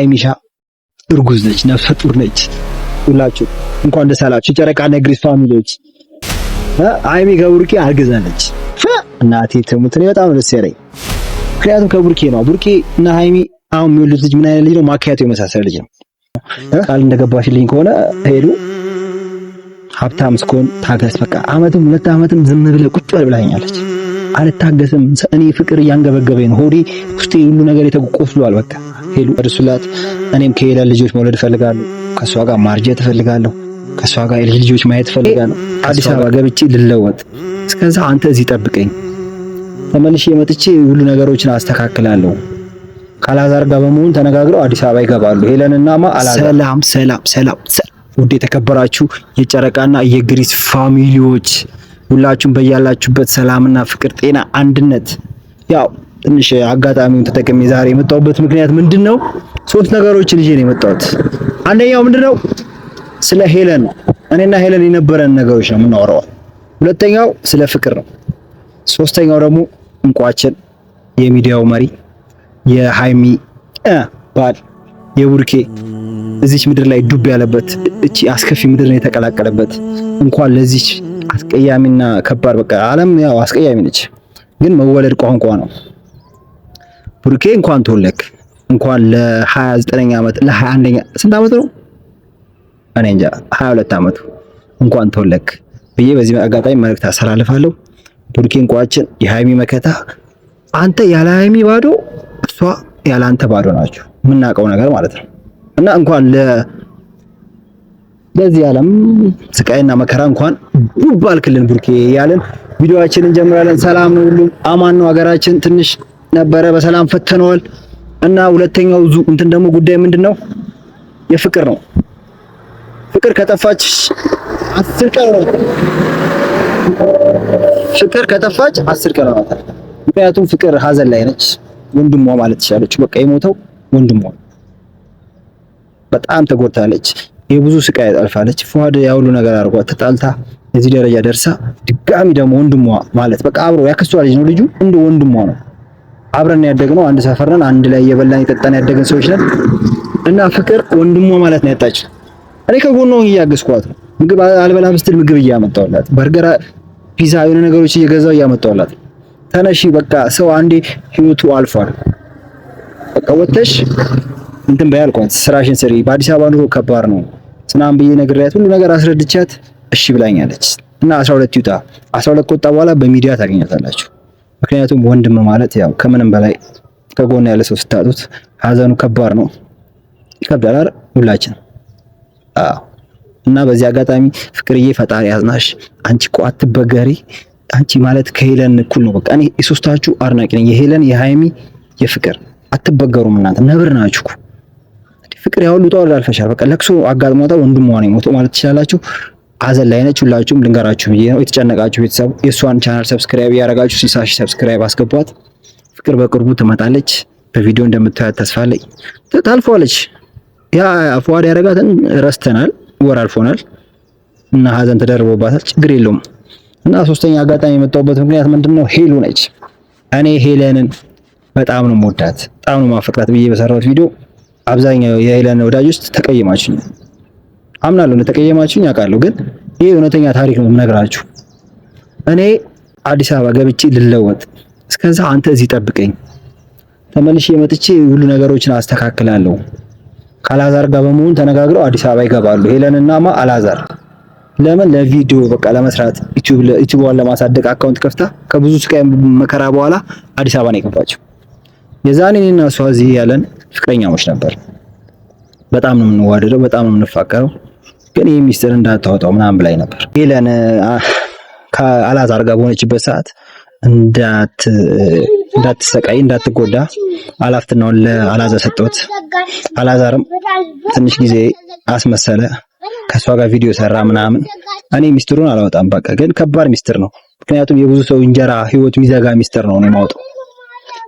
አይሚሻ እርጉዝ ነች፣ ነፍሰ ጡር ነች። ሁላችሁ እንኳን ደስ አላችሁ። ጨረቃ ነግሪስ ፋሚሊዎች አይሚ ከቡርኬ አርግዛለች። እናቴ ትሙት፣ እኔ በጣም ደስ ያለኝ ምክንያቱም ከቡርኬ ነው። ቡርኬ እና አይሚ አሁን የሚወልዱት ልጅ ምን አይነት ልጅ ነው? ማካያቱ የመሳሰለ ልጅ ነው። ቃል እንደገባችልኝ ከሆነ ሄዱ ሀብታም እስኮን ታገስ፣ በቃ አመትም ሁለት አመትም ዝም ብለህ ቁጭ ብላኛለች። አልታገስም። እኔ ፍቅር እያንገበገበኝ ነው። ሆዴ ውስጤ ሁሉ ነገር የተቆስሏል። በቃ ሄሉ እርሱላት እኔም ከሄላ ልጆች መውለድ እፈልጋለሁ። ከእሷ ጋር ማርጀት እፈልጋለሁ። ከእሷ ጋር የልጅ ልጆች ማየት እፈልጋለሁ። አዲስ አበባ ገብቼ ልለወጥ። እስከዛ አንተ እዚህ ጠብቀኝ፣ ተመልሼ መጥቼ ሁሉ ነገሮችን አስተካክላለሁ። ካላዛር ጋር በመሆን ተነጋግረው አዲስ አበባ ይገባሉ። ማ አላዛር ሰላም ሰላም ሰላም። ውድ የተከበራችሁ የጨረቃና የግሪስ ፋሚሊዎች ሁላችሁም በያላችሁበት ሰላምና ፍቅር፣ ጤና፣ አንድነት። ያው ትንሽ አጋጣሚውን ተጠቅሜ ዛሬ የመጣሁበት ምክንያት ምንድን ነው? ሶስት ነገሮችን ይዤ ነው የመጣሁት። አንደኛው ምንድን ነው? ስለ ሄለን እኔና ሄለን የነበረን ነገሮች ነው የምናወራው። ሁለተኛው ስለ ፍቅር ነው። ሶስተኛው ደግሞ እንቋችን የሚዲያው መሪ የሃይሚ ባል የቡርኬ እዚች ምድር ላይ ዱብ ያለበት እቺ አስከፊ ምድር ነው የተቀላቀለበት እንኳን ለዚች አስቀያሚና ከባድ በቃ ዓለም ያው አስቀያሚ ነች፣ ግን መወለድ ቋንቋ ነው። ብሩኬ እንኳን ተወለክ እንኳን ለ29 ዓመት ለ21 ስንት ዓመት ነው እኔ እንጃ 22 ዓመቱ እንኳን ተወለክ ብዬ በዚህ አጋጣሚ መልእክት አስተላልፋለሁ። ብሩኬ እንቋችን የሃይሚ መከታ አንተ ያለ ሃይሚ ባዶ እሷ ያለ አንተ ባዶ ናችሁ። የምናውቀው ነገር ማለት ነው እና እንኳን በዚህ ዓለም ስቃይና መከራ እንኳን ዱብ አልክልን ቡርኬ ያለን ቪዲዮአችንን እንጀምራለን። ሰላም ነው፣ ሁሉም አማን ነው። ሀገራችን ትንሽ ነበረ በሰላም ፈተነዋል። እና ሁለተኛው ዙ እንትን ደግሞ ጉዳይ ምንድነው? የፍቅር ነው። ፍቅር ከጠፋች አስር ቀን ነው። ፍቅር ከጠፋች አስር ቀን ነው። ምክንያቱም ፍቅር ሀዘን ላይ ነች፣ ወንድሟ ማለት ትችላለች። በቃ የሞተው ወንድሟ በጣም ተጎድታለች። የብዙ ስቃይ አልፋለች። ፉአድ ያውሉ ነገር አድርጓ ተጣልታ እዚህ ደረጃ ደርሳ ድጋሚ ደግሞ ወንድሟ ማለት በቃ አብሮ ያክስቷ ልጅ ነው ልጁ እንደ ወንድሟ ነው። አብረን ያደግነው አንድ ሰፈር ነን፣ አንድ ላይ የበላን የጠጣን ያደግን ሰዎች ነን እና ፍቅር ወንድሟ ማለት ነው ያጣች። እኔ ከጎኗ እያገዝኳት ነው። ምግብ አልበላም ስትል ምግብ እያመጣሁላት፣ በርገራ ፒዛ የሆነ ነገሮች እየገዛሁ እያመጣሁላት፣ ተነሺ በቃ ሰው አንዴ ህይወቱ አልፏል፣ በቃ ወተሽ እንትን በይ አልኳት። ስራሽን ስሪ፣ በአዲስ አበባ ኑሮ ከባድ ነው ምናምን ብዬ ነግሬያት ሁሉ ነገር አስረድቻት እሺ ብላኛለች። እና 12 ይውጣ 12 ከወጣ በኋላ በሚዲያ ታገኛታላችሁ። ምክንያቱም ወንድም ማለት ያው ከምንም በላይ ከጎን ያለ ሰው ስታጡት ሀዘኑ ከባድ ነው። ይከብዳል አይደል? ሁላችን። አዎ። እና በዚህ አጋጣሚ ፍቅርዬ ፈጣሪ አዝናሽ፣ አንቺ ቋት በገሪ አንቺ ማለት ከሄለን እኩል ነው። በቃ እኔ የሶስታችሁ አድናቂ ነኝ፣ የሄለን፣ የሃይሚ፣ የፍቅር አትበገሩም። እናንተ ነብር ናችሁ። ፍቅር ያው ሁሉ ጣውላ አልፈሻል። በቃ ለቅሶ አጋጥሞታ ወንድም ነው የሞተው ማለት ትችላላችሁ። አዘን ላይ ነች። ሁላችሁም ልንገራችሁ ብዬ ነው የተጨነቃችሁ ቤተሰብ። የእሷን ቻናል ሰብስክራይብ ያደረጋችሁ ሲሳሽ ሰብስክራይብ አስገቧት። ፍቅር በቅርቡ ትመጣለች። በቪዲዮ እንደምታያት ተስፋ አለኝ። ታልፈዋለች። ያ ፉአድ ያደረጋትን ረስተናል። ወር አልፎናል እና ሀዘን ተደርቦባታል። ችግር የለውም እና ሶስተኛ አጋጣሚ የመጣሁበት ምክንያት ምንድነው? ሄሉ ነች። እኔ ሄለንን በጣም ነው የምወዳት፣ በጣም ነው የማፈቅራት ብዬ በሰራሁት ቪዲዮ አብዛኛው የሄለን ወዳጆች ተቀየማችሁኝ። አምናለሁ እንደተቀየማችሁኝ አውቃለሁ፣ ግን ይህ እውነተኛ ታሪክ ነው የምነግራችሁ። እኔ አዲስ አበባ ገብቼ ልለወጥ፣ እስከዛ አንተ እዚህ ጠብቀኝ፣ ተመልሼ መጥቼ ሁሉ ነገሮችን አስተካክላለሁ። ከአላዛር ጋር በመሆን ተነጋግረው አዲስ አበባ ይገባሉ። ማ አላዛር ለምን ለቪዲዮ በቃ ለመስራት ዩቲዩብዋን ለማሳደግ አካውንት ከፍታ ከብዙ ስቃይ መከራ በኋላ አዲስ አበባ ነው የገባችው። የዛኔ እኔና እሷ እዚህ ያለን ፍቅረኛሞች ነበር። በጣም ነው የምንዋደደው፣ በጣም ነው የምንፋቀረው። ግን ይህ ሚስጥር እንዳታወጣው ምናምን ብላኝ ነበር። ሄለን ከአላዛር ጋር በሆነችበት ሰዓት እንዳትሰቃይ እንዳትጎዳ አላፍትናውን ለአላዛር ሰጠሁት። አላዛርም ትንሽ ጊዜ አስመሰለ፣ ከእሷ ጋር ቪዲዮ ሰራ ምናምን። እኔ ሚስጥሩን አላወጣም በቃ። ግን ከባድ ሚስጥር ነው፣ ምክንያቱም የብዙ ሰው እንጀራ ህይወት የሚዘጋ ሚስጥር ነው ነው የማወጣው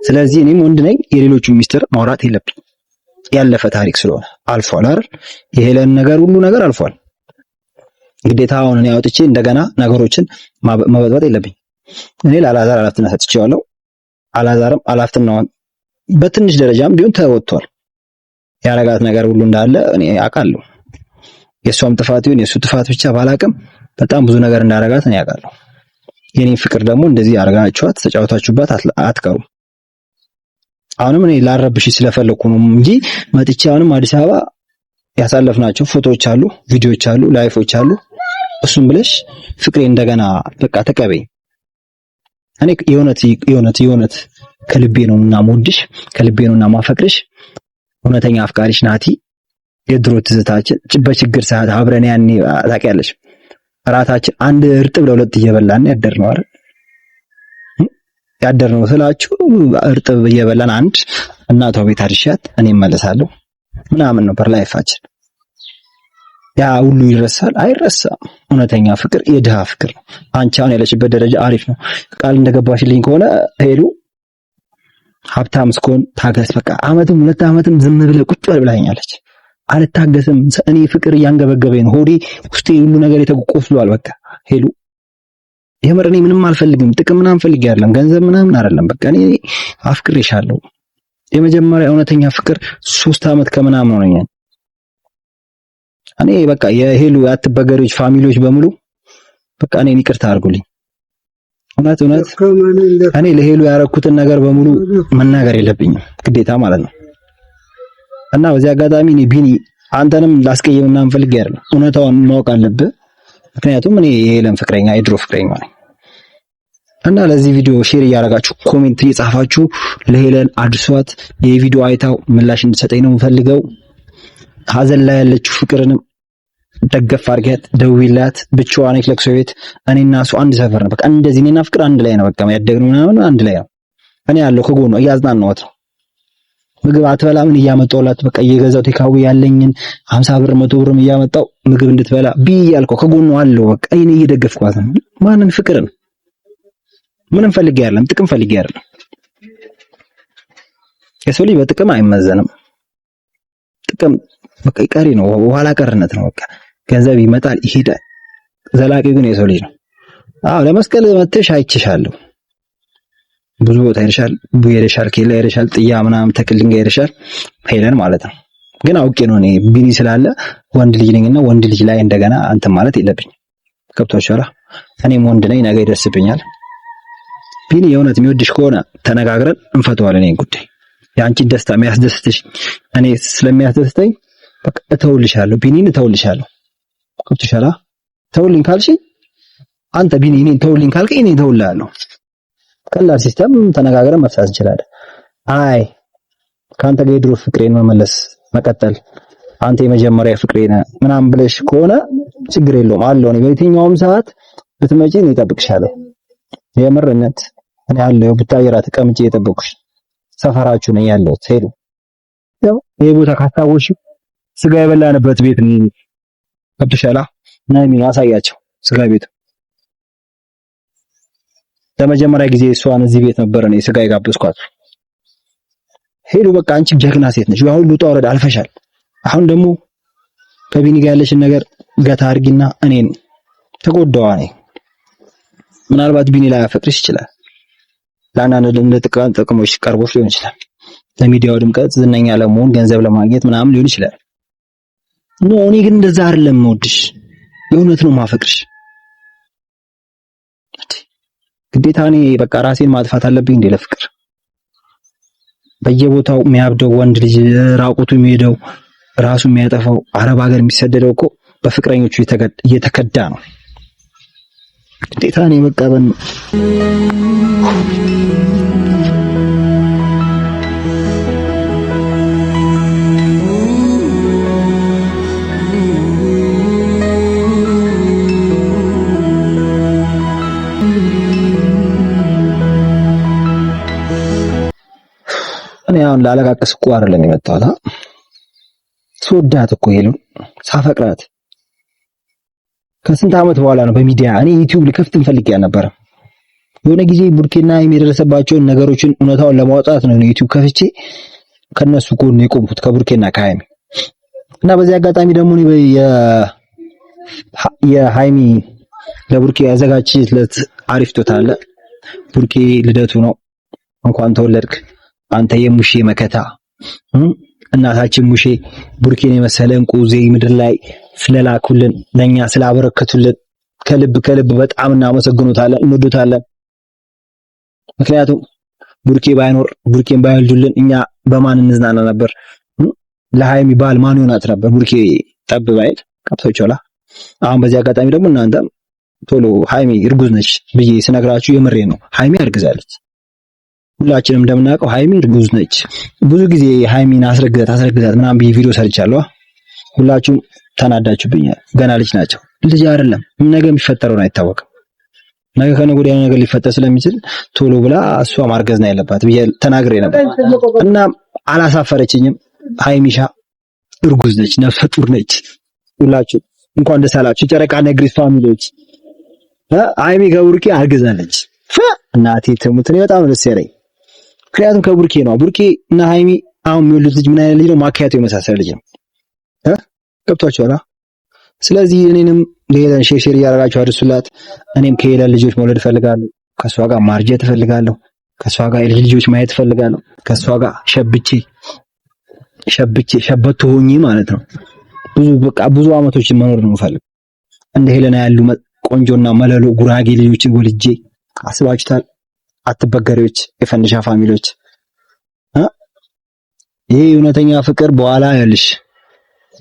ስለዚህ እኔም ወንድ ነኝ፣ የሌሎቹን ሚስጥር ማውራት የለብኝ። ያለፈ ታሪክ ስለሆነ አልፏል አይደል? የሄለን ነገር ሁሉ ነገር አልፏል። ግዴታ አሁን እኔ አውጥቼ እንደገና ነገሮችን መበጥበጥ የለብኝ። እኔ ለአላዛር አላፍትና ሰጥቼዋለሁ። አላዛርም አላፍትናውን በትንሽ ደረጃም ቢሆን ተወጥቷል። ያረጋት ነገር ሁሉ እንዳለ እኔ አውቃለሁ። የእሷም ጥፋት ይሁን የእሱ ጥፋት ብቻ ባላቅም በጣም ብዙ ነገር እንዳረጋት እኔ አውቃለሁ። የኔን ፍቅር ደግሞ እንደዚህ አርጋችኋት ተጫውታችሁባት አትቀሩም። አሁንም እኔ ላረብሽ ስለፈለኩ ነው እንጂ መጥቼ አሁንም አዲስ አበባ ያሳለፍናቸው ፎቶዎች አሉ፣ ቪዲዮዎች አሉ፣ ላይፎች አሉ። እሱም ብለሽ ፍቅሬ እንደገና በቃ ተቀበይ። እኔ የእውነት የእውነት የእውነት ከልቤ ነው እና ሞድሽ ከልቤ ነው እና ማፈቅርሽ እውነተኛ አፍቃሪሽ ናቲ። የድሮ ትዝታችን በችግር ሰዓት አብረን ያኔ ታውቂያለሽ፣ እራታችን አንድ እርጥብ ለሁለት እየበላን ያደርነው አይደል ያደር ነው ስላችሁ እርጥብ እየበላን አንድ እናቷ ቤት አድርሻት እኔ እመለሳለሁ ምናምን ነበር ላይፋችን። ያ ሁሉ ይረሳል? አይረሳም። እውነተኛ ፍቅር የድሃ ፍቅር ነው። አንቺ አሁን ያለችበት ደረጃ አሪፍ ነው። ቃል እንደገባሽልኝ ከሆነ ሄዱ ሀብታም እስኮን ታገስ። በቃ አመትም ሁለት አመትም ዝም ብለ ቁጭ በል ብላኛለች። አልታገስም። እኔ ፍቅር እያንገበገበኝ ነው። ሆዴ ውስጤ ሁሉ ነገር የተቆስሏል። በቃ ሄሉ የምር እኔ ምንም አልፈልግም። ጥቅም ምናምን ፈልጌ አይደለም፣ ገንዘብ ምናምን አይደለም። በቃ እኔ አፍቅሬሻለሁ። የመጀመሪያ እውነተኛ ፍቅር ሶስት ዓመት ከምናምን ሆነኛል። እኔ በቃ የሄሉ አትበገሪዎች ፋሚሊዎች በሙሉ በቃ እኔን ይቅርታ አድርጉልኝ። እውነት እውነት እኔ ለሄሉ ያረኩትን ነገር በሙሉ መናገር የለብኝም ግዴታ ማለት ነው። እና በዚህ አጋጣሚ እኔ ቢኒ አንተንም ላስቀየም ምናምን ፈልጌ አይደለም፣ እውነታውን ማወቅ አለብህ። ምክንያቱም እኔ የሄለን ፍቅረኛ የድሮ ፍቅረኛ ነኝ እና ለዚህ ቪዲዮ ሼር እያደረጋችሁ ኮሜንት እየጻፋችሁ ለሄለን አድሷት የቪዲዮ አይታው ምላሽ እንድሰጠኝ ነው የምፈልገው። ሀዘን ላይ ያለችው ፍቅርንም ደገፍ አድርጊያት፣ ደዊላት ብቻዋን ለቅሶ ቤት እኔና እሱ አንድ ሰፈር ነው። በቃ እንደዚህ እኔና ፍቅር አንድ ላይ ነው። በቃ ያደግነው ምናምን አንድ ላይ ነው። እኔ ያለው ከጎኑ እያዝናናኋት ነው ምግብ አትበላ ምን እያመጣሁላት በቃ እየገዛሁ ቴካዊ ያለኝን 50 ብር 100 ብርም እያመጣሁ ምግብ እንድትበላ ቢ እያልኳት ከጎኑ አለው በቃ እኔ እየደገፍኳት ነው። ማንን ፍቅርን ምንም ፈልጌ አይደለም፣ ጥቅም ፈልጌ አይደለም። የሰው ልጅ በጥቅም አይመዘንም። ጥቅም በቃ ቀሪ ነው፣ በኋላ ቀርነት ነው። በቃ ገንዘብ ይመጣል ይሄዳል። ዘላቂው ግን የሰው ልጅ ነው። አዎ ለመስቀል መተሽ አይችሻለሁ ብዙ ቦታ ሄደሻል፣ ቡ ሄደሻል፣ ኬላ ሄደሻል፣ ጥያ ምናምን ድንጋይ ሄደሻል፣ ሄለን ማለት ነው። ግን አውቄ ነው እኔ ቢኒ ስላለ ወንድ ልጅ ነኝና ወንድ ልጅ ላይ እንደገና አንተ ማለት የለብኝም። ገብቶሻል? እኔም ወንድ ነኝ፣ ነገ ይደርስብኛል። ቢኒ የእውነት የሚወድሽ ከሆነ ተነጋግረን እንፈተዋለን ይሄን ጉዳይ። የአንቺን ደስታ የሚያስደስትሽ እኔ ስለሚያስደስተኝ በቃ እተውልሻለሁ፣ ቢኒን እተውልሻለሁ። ገብቶሻል? ተውልኝ ካልሽ አንተ ቢኒ እኔን ተውልኝ ካልከኝ እኔ እተውልሃለሁ። ቀላል ሲስተም ተነጋግረን መፍታት እንችላለን። አይ ከአንተ ጋር የድሮ ፍቅሬን መመለስ መቀጠል አንተ የመጀመሪያ ፍቅሬ ነህ ምናምን ብለሽ ከሆነ ችግር የለውም አለው። እኔ በየትኛውም ሰዓት ብትመጪ እኔ እጠብቅሻለሁ። የምርነት እኔ አለው ብታየራ ተቀምጬ እየጠበቅኩሽ ሰፈራችሁ ነኝ ያለሁት። ሄዱ ያው ይሄ ቦታ ካስታወሽ ስጋ የበላንበት ቤት ነው። ገብቶሻል? ነይ ያሳያቸው ስጋ ቤት ለመጀመሪያ ጊዜ እሷን እዚህ ቤት ነበር እኔ ስጋ የጋበዝኳት። ሄዱ በቃ አንቺ ጀግና ሴት ነሽ፣ ያሁን ሁሉ ውጣ ውረድ አልፈሻል። አሁን ደግሞ ከቢኒ ጋር ያለሽን ነገር ገታ አድርጊና እኔን ተጎዳዋ ነኝ። ምናልባት ቢኒ ላይ አፈቅርሽ ይችላል። ለአንዳንድ ለጥቃን ጥቅሞች ቀርቦሽ ሊሆን ይችላል። ለሚዲያው ድምቀት፣ ዝነኛ ለመሆን፣ ገንዘብ ለማግኘት ምናምን ሊሆን ይችላል። ኖ እኔ ግን እንደዛ አይደለም የምወድሽ፣ የእውነት ነው ማፈቅርሽ። ግዴታ እኔ በቃ ራሴን ማጥፋት አለብኝ እንዴ? ለፍቅር በየቦታው የሚያብደው ወንድ ልጅ ራቁቱ የሚሄደው ራሱ የሚያጠፋው አረብ ሀገር የሚሰደደው እኮ በፍቅረኞቹ እየተከዳ ነው። ግዴታ እኔ በቃ አሁን ላለቃቅስ እኮ አይደለም የመጣሁት። ስወዳት እኮ ሄሉን ሳፈቅራት ከስንት ዓመት በኋላ ነው በሚዲያ እኔ ዩቲዩብ ልከፍት እንፈልግ ያልነበረ የሆነ ጊዜ ቡርኬና የሚደረሰባቸውን ነገሮችን እውነታውን ለማውጣት ነው ዩቲዩብ ከፍቼ ከነሱ ጎን የቆምኩት ከቡርኬና ከሀይሚ እና በዚህ አጋጣሚ ደግሞ የሀይሚ ለቡርኬ ያዘጋጅለት አሪፍ ቶታ አለ። ቡርኬ ልደቱ ነው። እንኳን ተወለድክ አንተ የሙሼ መከታ እናታችን ሙሼ ቡርኪን የመሰለ እንቁ ዜ ምድር ላይ ስለላኩልን ለኛ ስላበረከቱልን ከልብ ከልብ በጣም እናመሰግኖታለን፣ እንወዶታለን። ምክንያቱም ቡርኬ ባይኖር ቡርኬን ባይወልዱልን እኛ በማን እንዝናና ነበር? ለሀይ የሚባል ማን ይሆናት ነበር? ቡርኬ ጠብ ባይል ቀብቶቾላ። አሁን በዚህ አጋጣሚ ደግሞ እናንተም ቶሎ ሃይሚ እርጉዝ ነች ብዬ ስነግራችሁ የምሬ ነው። ሃይሚ አርግዛለች። ሁላችንም እንደምናውቀው ሀይሚ እርጉዝ ነች። ብዙ ጊዜ ሃይሚን አስረግዛት አስረግዛት ምናምን ብዬ ቪዲዮ ሰርቻለሁ። ሁላችሁም ተናዳችሁብኛል። ገና ልጅ ናቸው። ልጅ አይደለም። ነገ የሚፈጠረውን አይታወቅም። ነገ ከነገ ወዲያ ነገር ሊፈጠር ስለሚችል ቶሎ ብላ እሷ ማርገዝ ነው ያለባት ብዬ ተናግሬ ነበር እና አላሳፈረችኝም። ሀይሚሻ እርጉዝ ነች፣ ነፍሰ ጡር ነች። ሁላችሁ እንኳን ደስ አላችሁ። ጨረቃ ነግሪት ፋሚሊዎች፣ ሀይሚ ከቡርቂ አርግዛለች። እናቴ ትሙት፣ እኔ በጣም ደስ ያለኝ ምክንያቱም ከቡርኬ ነው። ቡርኬ እና ሀይሚ አሁን የሚወልዱት ልጅ ምን አይነት ልጅ ነው? ማካያቱ የመሳሰለ ልጅ ነው። ገብቷችኋል? ስለዚህ እኔንም ለሄለን ሼር ሼር እያደረጋችሁ አድርሱላት። እኔም ከሄለን ልጆች መውለድ እፈልጋለሁ። ከእሷ ጋር ማርጀት እፈልጋለሁ። ከእሷ ጋር የልጅ ልጆች ማየት እፈልጋለሁ። ከእሷ ጋር ሸብቼ ሸብቼ ሸበት ሆኜ ማለት ነው ብዙ በቃ ብዙ አመቶችን መኖር ነው ፈልግ እንደ ሄለና ያሉ ቆንጆና መለሎ ጉራጌ ልጆችን ወልጄ አስባችሁታል? አትበገሪዎች፣ የፈንድሻ ፋሚሊዎች ይህ እውነተኛ ፍቅር በኋላ ያልሽ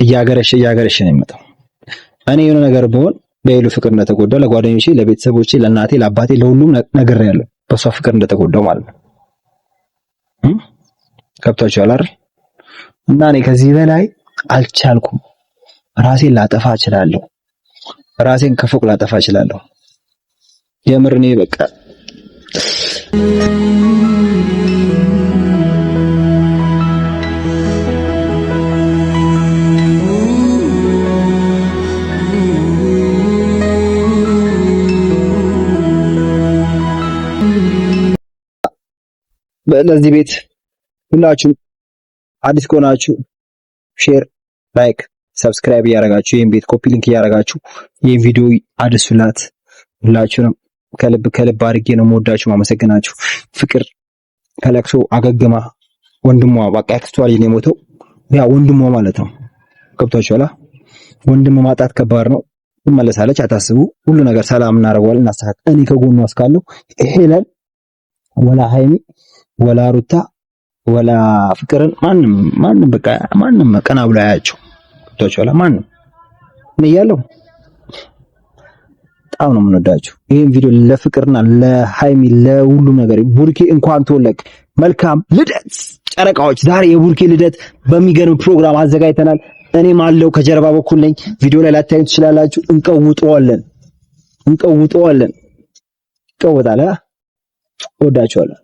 እያገረሽ እያገረሽ ነው የሚመጣው። እኔ የሆነ ነገር ብሆን በሄሉ ፍቅር እንደተጎዳ ለጓደኞቼ፣ ለቤተሰቦቼ፣ ለእናቴ፣ ለአባቴ ለሁሉም ነገር ያለው በእሷ ፍቅር እንደተጎዳው ማለት ነው። ገብቷችኋል አይደል? እና እኔ ከዚህ በላይ አልቻልኩም። ራሴን ላጠፋ እችላለሁ። ራሴን ከፎቅ ላጠፋ እችላለሁ። የምር እኔ በቃ ለዚህ ቤት ሁላችሁም አዲስ ከሆናችሁ ሼር፣ ላይክ፣ ሰብስክራይብ እያደረጋችሁ ይህን ቤት ኮፒ ሊንክ እያደረጋችሁ ይህን ቪዲዮ አድርሱላት። ሁላችሁንም ከልብ ከልብ አድርጌ ነው የምወዳችሁ፣ ማመሰግናችሁ። ፍቅር ከለቅሶ አገግማ ወንድሟ በቃ ያክስቷል ነው የሞተው፣ ያ ወንድሟ ማለት ነው። ገብቷችኋል? ወንድም ማጣት ከባድ ነው። ትመለሳለች፣ አታስቡ። ሁሉ ነገር ሰላም እናደርገዋለን፣ እናስተካክል። እኔ ከጎኑ አስካለሁ። ሄለን ወላ ሀይሚ ወላ ሩታ ወላ ፍቅርን ማንም ማንም በቃ ማንም ቀና ብሎ አያቸው። ገብቷችኋል? ማንም እኔ እያለሁ በጣም ነው የምንወዳችሁ። ይህን ቪዲዮ ለፍቅርና ለሃይሚ ለሁሉም ነገር ቡርኬ እንኳን ተወለቅ መልካም ልደት ጨረቃዎች። ዛሬ የቡርኬ ልደት በሚገርም ፕሮግራም አዘጋጅተናል። እኔም አለው ከጀርባ በኩል ነኝ። ቪዲዮ ላይ ላታዩ ትችላላችሁ። እንቀውጠዋለን እንቀውጠዋለን። ይቀወጣል። ወዳችኋለሁ።